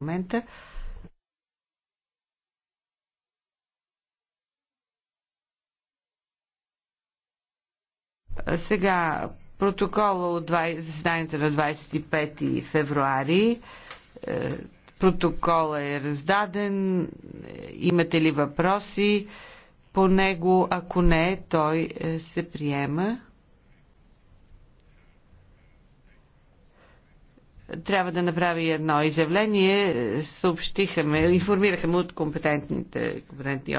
момента. Сега протокола от заседанието на 25 февруари. Е, протокола е раздаден. Имате ли въпроси по него? Ако не, той е, се приема. трябва да направи едно изявление. Съобщиха ме, информираха ме от компетентните, компетентни